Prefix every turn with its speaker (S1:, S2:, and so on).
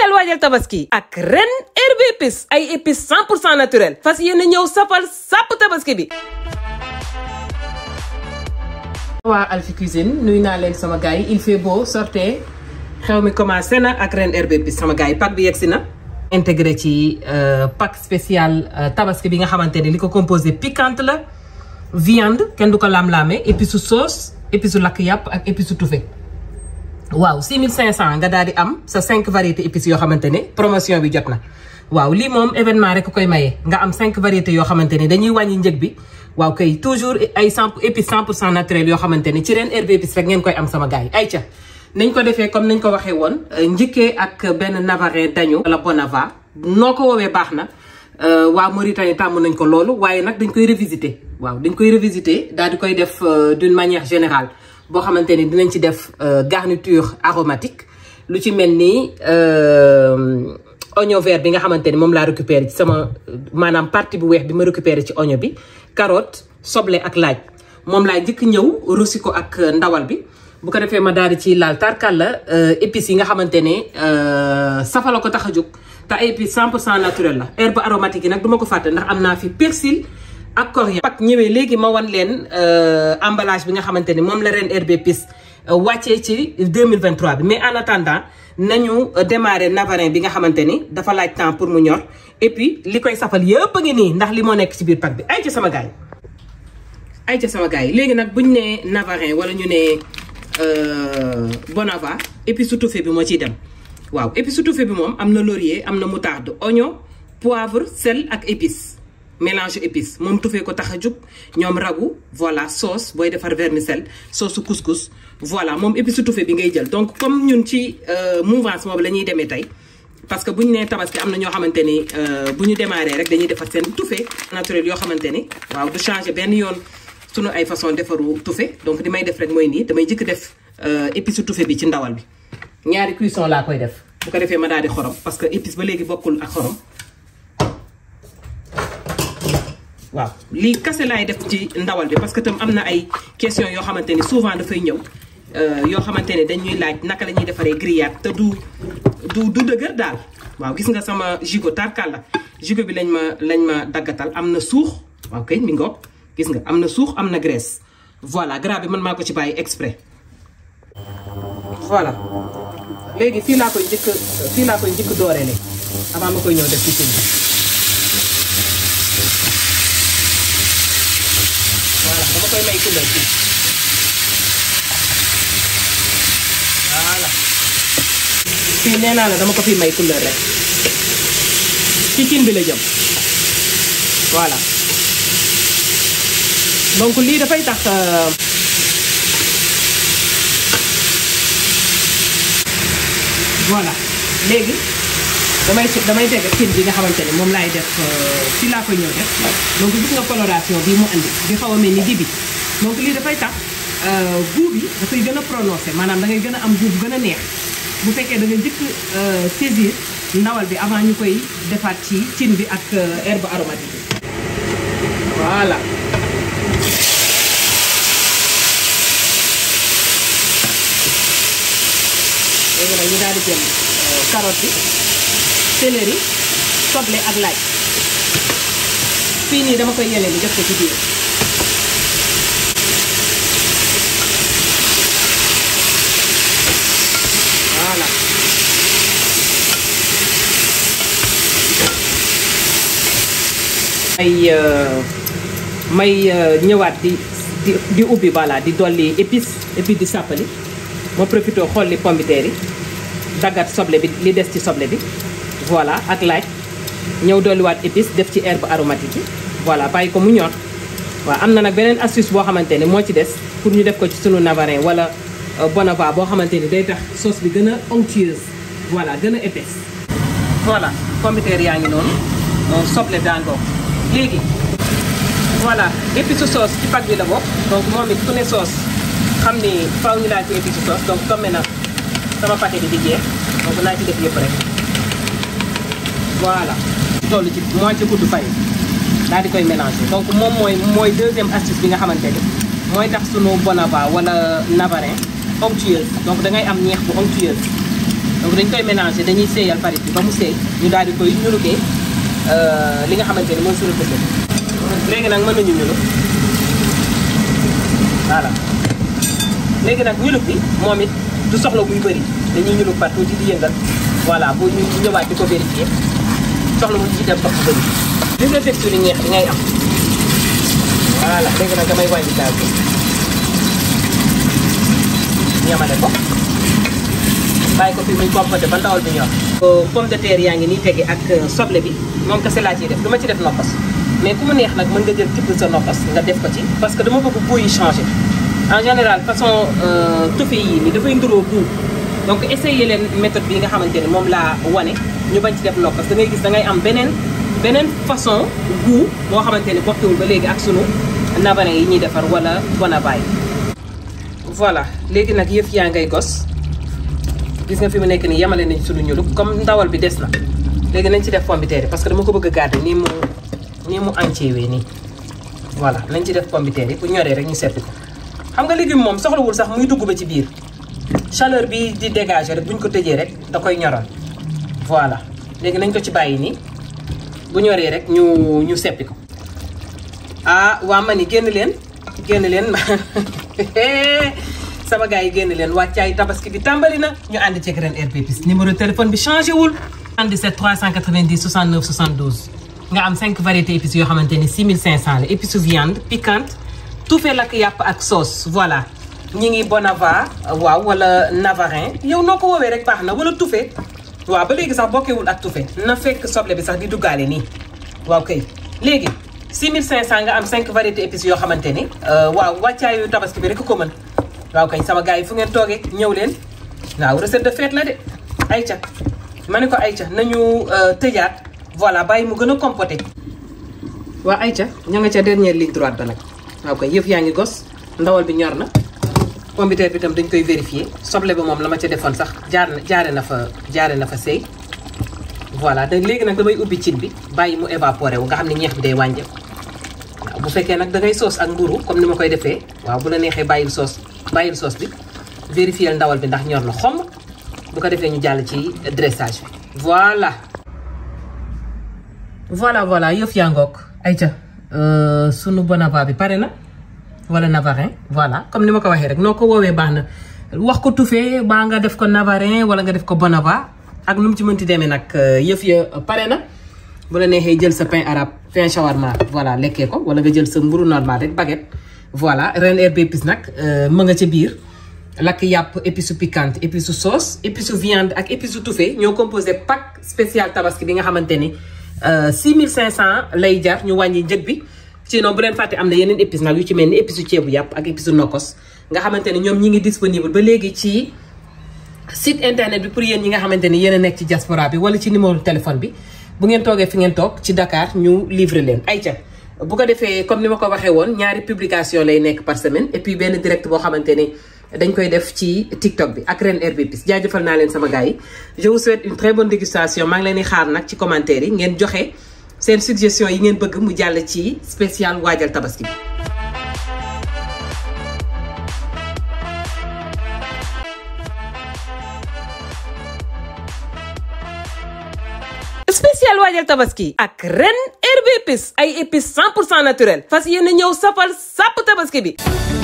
S1: spécial waajal tabaski ak ren herbe épice ay épices 100 pour cent naturel fas yéene ñëw safal sàpp tabaski bi waa Alphie Cuisine nuyu naa leen sama gars yi il fait beau sortez xew mi commencé na ak ren herbe épice sama gars yi pack bi yegsi na intégré ci euh, pack spécial euh, tabaski bi nga xamante ne li ko composé piquante la viande kenn du ko laam-laamee épice su sauce épice su lakk yàpp ak épice su touffé waaw 6500 nga daal di am sa 5 variétés épices yoo xamante ne promotion bi jot na waaw lii moom événement rek koy maye nga am cinq variété yoo xamante ne dañuy wàññi njëg bi waaw kay toujours ay 100 épices 100 pour cent naturel yoo xamante ne ci Reen Herbes Épices rek ngeen koy am sama gars ay ayca nañ ko defee comme nañ ko waxee woon euh, njëkkee ak benn navarin dañu la bonava noo ko woowee baax na euh, waa Mauritanie tàmm nañ ko loolu waaye nag dañ koy revisiter waaw dañ koy revisiter daal di koy def euh, d'une manière générale boo xamante ni dinañ ci def euh, garniture aromatique lu ci mel ni euh, oignon vert bi nga xamante ni moom laa récupéré ci sama maanaam partie bu weex bi ma récupéré ci oño bi carotte soble ak laaj moom laa njëkk ñëw rosi ko ak euh, ndawal bi bu ko defee ma daal di ci laal tarkal la épices yi nga xamante ne safala ko tax a jóg te ay épices 100 pour cent naturel la herbe aromatique yi nag du ko fàtte ndax am naa fi persil ak Corian. pak ñëwee léegi ma wan leen euh, emballage bi nga xamante ni moom la ren RB Piste euh, wàccee ci 2023 bi mais en attendant nañu euh, démarrer navarin bi nga xamante ni dafa laaj temps pour mu ñor et li koy safal yëpp a ngi nii ndax li moo nekk ci biir pak bi ay ci sama gars yi ay ca sama gars léegi nag bu buñ ne navarin wala ñu ne bonava épice étouffée bi moo ciy dem waaw épice étouffée bi moom am na laurier am na moutarde oignon poivre sel ak épice mélange épice moom tufee ko tax a jug ñoom ragu voilà sauce booy defar vermicelle sauce su couscous voilà moom épice tufe bi ngay jël donc comme ñun ci euh, mouvance boobu la ñuy demee tey parce que bu ñu nee tabaski am na ñoo xamante ni euh, bu ñu démarré rek dañuy defar seen tufe naturel yoo xamante ni waaw du changé benn yoon sunu ay façon defaru tufe donc di may def rek mooy nii damay jëkk def euh, épice tufe bi ci ndawal bi ñaari cuisson laa koy def bu ko defee ma daal xorom parce que épice ba léegi bokkul ak xorom waaw lii kase laay def ci ndawal bi parce que tam am na ay question yoo xamante ne souvent dafay ñëw euh, yoo xamante ne dañuy laaj naka la ñuy defaree grillade te du du dëgër daal waaw gis nga sama gigot tarkal la gigot bi lañ ma lañ ma daggatal am na suux waaw kay mi gis nga am na suux am na graisse voilà gras bi man maa ko ci bàyyi exprès voilà léegi fii laa koy njëkk fii laa koy njëkk doorele avant ma koy ñëw def ci sëñ dama koy may couleur bi voilà fii nee naa la dama ko fi may couleur rek ci cin bi la jëm voilà donc lii dafay tax voilà léegi damay damay dégg cin bi nga xamante ne moom laay def ci euh, laa koy ñëw def donc gis nga coloration bi mu indi bi xaw a mel ni bi donc lii dafay tax euh, goût bi dafay gën a prononcé maanaam da ngay gën a am goût gën a neex bu fekkee dangay nga njëkk euh, saisir ndawal bi avant ñu koy defaat ci tiin bi ak herbe aromatique bi voilà léegi ñu daal di jël carotte bi céleri soble ak laaj fii nii dama koy yelee ni def ko ci biir voilà ay may euh, euh, ñëwaat di di ubbi balaa di dolli épice et puis di sàppali ma profité xool li yi daggat soble bi li des ci soble bi voilà ak laaj ñëw dolliwaat épice def ci herbe aromatique yi voilà bàyyi ko mu ñor waa am na nag beneen astuce boo xamante ne moo ci des pour ñu def ko ci sunu navarin wala euh, bonava boo xamante ni day tax sauce bi gën a onctueuse voilà gën a épaisse. voilà comité yaa ngi noonu euh, soble daangoo léegi voilà épice sauce ci pag bi la bokk donc moom it ku ne sauce xam ni faaw ñu laal ci épice sauce donc tombé na sama paquet di jeex donc naa ci def yëpp rek. voilà toll ci moitié guddi fay daal di koy mélanger donc moom mooy mooy deuxième astuce bi nga xamante ni mooy tax sunu bonava wala navarin onctueuse donc da am ñeex bu onctueuse donc dañ koy mélanger dañuy seeyal farine bi ba mu seey ñu daal di koy ñurukee euh, li nga xamante ni mooy sunu bëccëg léegi nag mën nañu ñulu voilà léegi nag ñuluk bi moom it du soxla buy bëri dañuy ñuluk partout di di yëngal voilà bu ñu ñëwaat di ko vérifier soxla wuñ ci dem ba ko bëri. bibliothèque su ñeex bi ngay am voilà léegi nag damay wàññi bi ñamale ko bàyyi ko fi muy compoté ba ndawal bi ñor. pomme yaa ngi nii tege ak euh, soble bi moom kese laa ciy def du ma ci def nokkas mais ku mu neex nag mën nga jël tibb sa nokkas nga def ko ci. parce que dama bëgg goût yi changé en général façon euh, tufe yii nii dafay nduroo goût donc essayer leen méthode bi nga xamante ne moom laa wane. ñu bañ ci def lool parce que da gis da ngay am beneen beneen façon goût boo xamante ni bokkul ba léegi ak sunu navarin yi ñuy defar wala bonabaay voilà léegi nag yëf yaa ngay gos gis nga fi mu nekk nii yemale nañ sunu ñuluk comme ndawal bi des na léegi nañ ci def pombiteer parce que dama ko bëgg a garder nii mu nii mu entier wee nii voilà nañ ci def pombiteer yi bu ñoree rek ñu seppi ko xam nga légume moom soxlawul sax muy dugg ba ci biir chaleur bi di dégager rek buñ ko tëjee rek da koy ñoroon voilà léegi nañ ko ci bàyyi nii bu ñoree rek ñu ñu seppi ko ah waa ma ni génn leen génn leen sama gars yi génn leen wàccaay tabaski bi tàmbali na ñu ànd ceeg Reen Herbes Épices numéro téléphone bi changé wul 77 390 69 72 nga am 5 variétés épices yoo xamante ni 6500 la épices viande piquante touffé lakk yàpp ak sauce voilà ñi ngi Bonava waaw wala Navarin yow noo ko woowee rek baax na wala touffé waaw ba léegi sax bokkewul ak tufe na fekk soble bi sax di duggaale nii waaw kay léegi 6500 nga am 5 variétés épices yoo xamante ni euh, waaw wàccaayu tabaski bi rek ko mën waaw kay sama gars yi fu ngeen toogee ñëw leen waaw recette de fête la de ay ayca ma ne ko ay ayca nañu euh, tëjaat voilà bàyyi mu gën a compoté waaw ayca ña nga ca dernier ligne droite ba nag waaw kay yëf yaa ngi gos ndawal bi ñor na pombiteer bi tam dañ koy vérifier soble ba moom la ma ca defoon sax jaar na jaare na fa jaare na fa sey voilà da léegi nag damay ubbi cin bi bàyyi mu évaporé wu nga xam ne ñeex bi day wàññeeku waaw bu fekkee nag da ngay soos ak mburu comme ni ma koy defee waaw bu la neexee bàyyil soos bàyyil soos bi vérifier ndawal bi ndax ñor la xomm bu ko defee ñu jàll ci dressage bi voilà voilà voilà yëf yaa ngoog ayca euh, sunu bonava bi pare na wala navarin voilà comme ni ma ko waxee rek noo ko woowee baax na wax ko tufe baa nga def ko navarin wala nga def ko bonava ak lu mu ci mënti demee nag euh, yëf ya euh, pare na bu la neexee jël sa pain arabe pain shawarma voilà lekkee ko wala nga jël sa mburu normal rek baguette voilà Reen Herbes Épices nag euh, mën nga ca biir lakk yàpp épices piquante épices sauce épices viande ak épices touffé ñoo composé pack spécial ki bi nga xamante ni 6500 lay jar ñu wàññi njëg bi. sinon bu leen fàtte am na yeneen épices nag yu ci mel ni épices ceebu xamante ne ñoom ñi ngi disponible ba léegi ci site internet bi pour yéen ñi nga xamante ni yéen a nekk ci diaspora bi wala ci numéro téléphone bi bu ngeen toogee fi ngeen toog ci Dakar ñu livrer leen ay ca bu ko defee comme ni ma ko waxee woon ñaari publication lay nekk par semaine et benn direct boo xamante ni dañ koy def ci TikTok bi ak Reen Herbes Épices jaajëfal naa leen sama gars yi je vous souhaite une très bonne dégustation maa leen di xaar nag ci commentaire yi ngeen joxe seen suggestion yi ngeen bëgg mu jàll ci spécial waajal tabaski bi spécial waajal tabaski ak ren herbe épice ay épice 100 pour cent naturel fas yéene ñëw safal sàpp tabaski bi